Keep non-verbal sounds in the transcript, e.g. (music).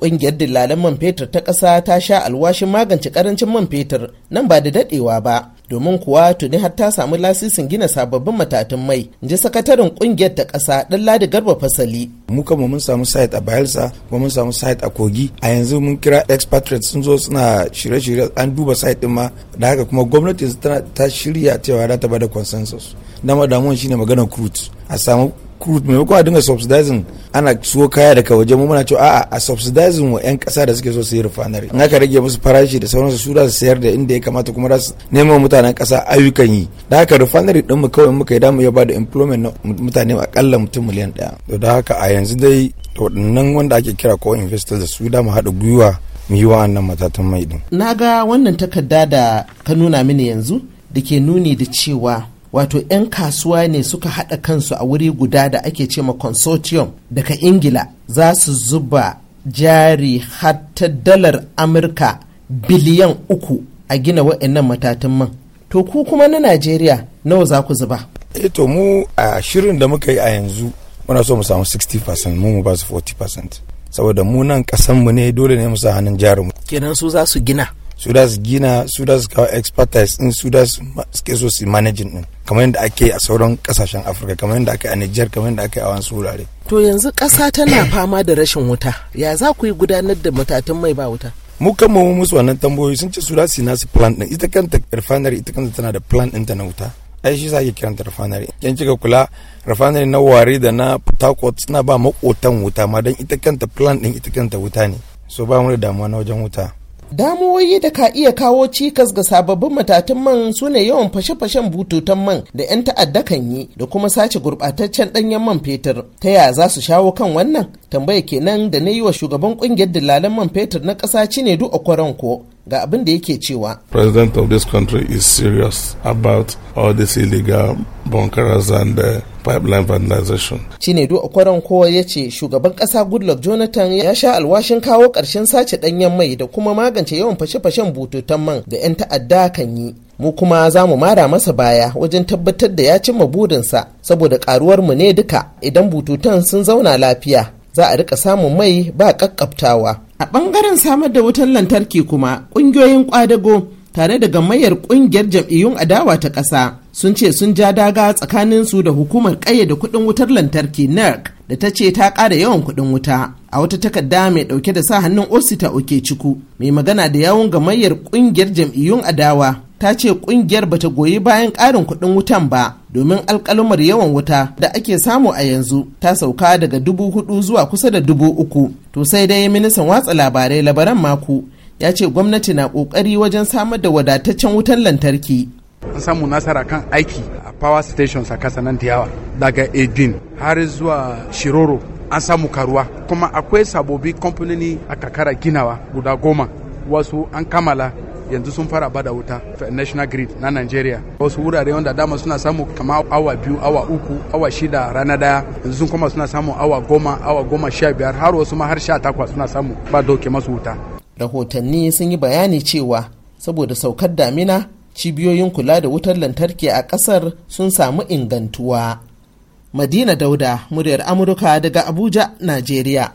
Ƙungiyar dillalan man fetur ta ƙasa ta sha alwashin magance ƙarancin man fetur nan ba da daɗewa ba. Domin kuwa tuni har ta samu lasisin gina sababbin matatun mai, ji sakataren ƙungiyar ta ƙasa ɗan Ladi Garba Fasali. Mu kama mun samu site a Bayelsa kuma mun samu site a Kogi. A yanzu mun kira expatriates sun zo suna shirye-shirye an duba site ɗin ma da haka kuma gwamnati ta shirya cewa za ta bada consensus. Dama damuwan shine maganar crude. A samu crude maimako a dinga subsidizing ana suwo kaya daga waje mu muna cewa a'a a subsidizing wa 'yan kasa da suke so su yi refinery in aka rage musu farashi da sauran su da su sayar da inda ya kamata kuma da su nema mutanen kasa ayyukan yi da haka refinery din mu kawai muka yi damu ya bada employment na mutane akalla mutum miliyan daya to da haka a yanzu dai waɗannan wanda ake kira ko investors da su da mu haɗa gwiwa mu yi wa'annan matatan mai din na ga wannan takarda da ka nuna mini yanzu da ke nuni da cewa wato 'yan kasuwa ne suka haɗa kansu a wuri guda da ake ce ma consortium daga ingila za su zuba jari hatta dalar amurka biliyan uku a gina wa'annan matatan man to ku kuma na najeriya nawa za ku zuba eh to mu a shirin da muka yi a yanzu muna so mu samu 60% mu mu ba su 40% saboda mu nan kasan ne dole ne mu sa hannun jarin kenan su za su gina su da su gina su da su kawo expertise in su da su suke so su managing din kamar yadda ake a sauran kasashen afirka kamar yadda ake a niger kamar yadda ake a wasu wurare to yanzu ƙasa tana (coughs) fama da rashin wuta ya za ku yi gudanar da matatun mai ba wuta mu kan mu musu wannan tambayoyi sun ce su da su nasu plan din ita kanta refinery ita kanta tana da plan ɗinta na wuta ai shi sa ake kiranta refinery yan cika kula refinery na wari da na port suna ba makotan wuta ma don ita kanta plan din ita kanta wuta ne so ba mu da damuwa na wajen wuta damuwoyi da ka iya kawo cikas ga sababbin matatun man su ne yawan fashe-fashen bututun man da 'yan ta'adda kan yi da kuma sace gurɓataccen ɗanyen man fetur ta yaya za su shawo kan wannan tambaya kenan da na yi wa shugaban ƙungiyar dillalan man fetur na ƙasa a okwaranko ga abin da yake cewa president of this country is serious about all this illegal bunkers and uh, pipeline vandalization do akwaran kowa ya ce shugaban kasa goodluck jonathan ya sha alwashin kawo karshen sace danyen mai da kuma magance yawan fashe-fashen bututun man da 'yan ta'adda kan yi mu kuma za mu mara masa baya wajen tabbatar da ya cimma burinsa saboda karuwar mu ne duka idan bututun sun zauna lafiya za a rika samun mai ba kakkaftawa a ɓangaren samar da wutar lantarki kuma ƙungiyoyin ƙwadago tare da gamayyar ƙungiyar jam'iyyun adawa ta ƙasa sun ce sun ja daga tsakanin su da hukumar da kuɗin wutar lantarki nerc da ta ce ta ƙara yawan kuɗin wuta a wata takarda mai ɗauke da sa hannun osita oke ciku mai magana da yawun gamayyar ƙungiyar jam'iyyun adawa ta ce ƙungiyar bata goyi bayan ƙarin kuɗin wutan ba domin alkalumar yawan wuta da ake samu a yanzu ta sauka daga dubu hudu zuwa kusa da dubu uku to sai dai ministan watsa labarai labaran mako ya ce gwamnati na kokari wajen samar da wadataccen wutan lantarki an samu nasara kan aiki a power station a kasa nan yawa daga edin har zuwa shiroro an samu karuwa kuma akwai sabobi kamfanoni a kakara ginawa guda goma wasu an kamala yanzu sun fara bada wuta national grid na nigeria wasu wurare wanda dama suna samu kama awa biyu awa uku awa shida rana daya yanzu sun kuma suna samu awa goma awa goma sha biyar har wasu ma har sha takwas suna samu ba dauke masu wuta rahotanni sun yi bayani cewa saboda saukar damina cibiyoyin kula da wutar lantarki a kasar sun samu ingantuwa madina dauda muryar amurka daga abuja najeriya